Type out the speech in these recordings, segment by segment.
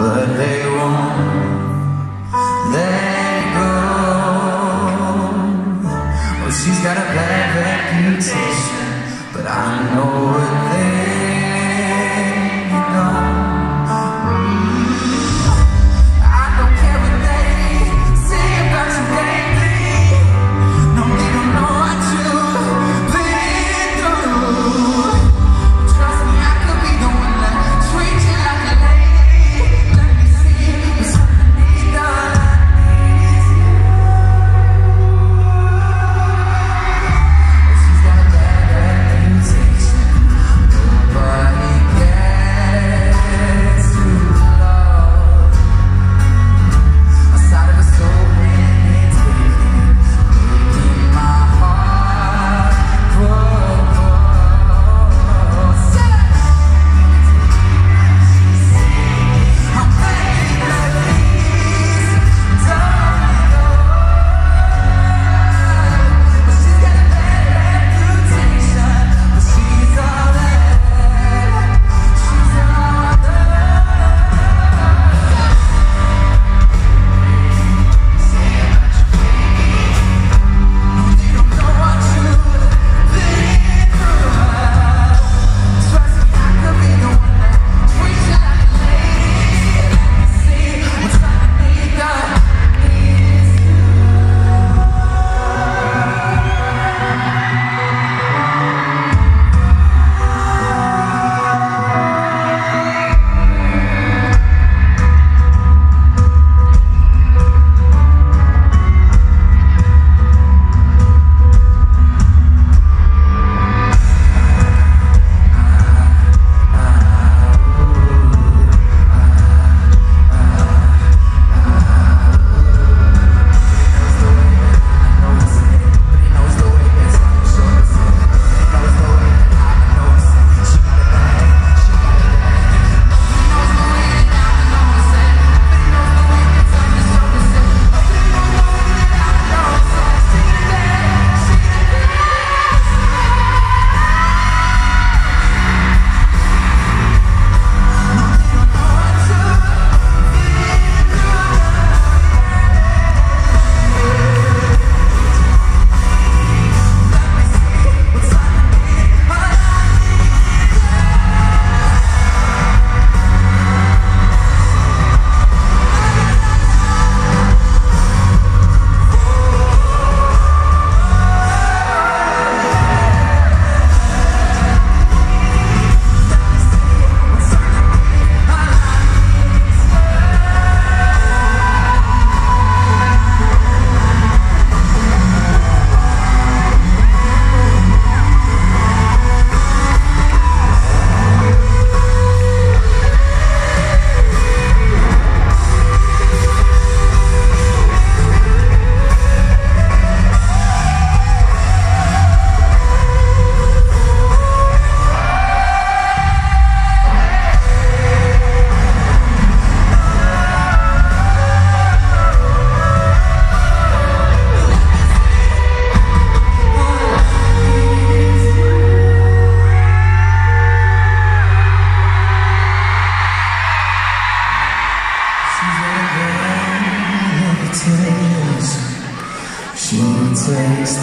but they won't let go. Oh, she's got a bad reputation, but I know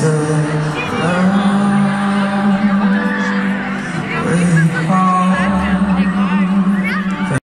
the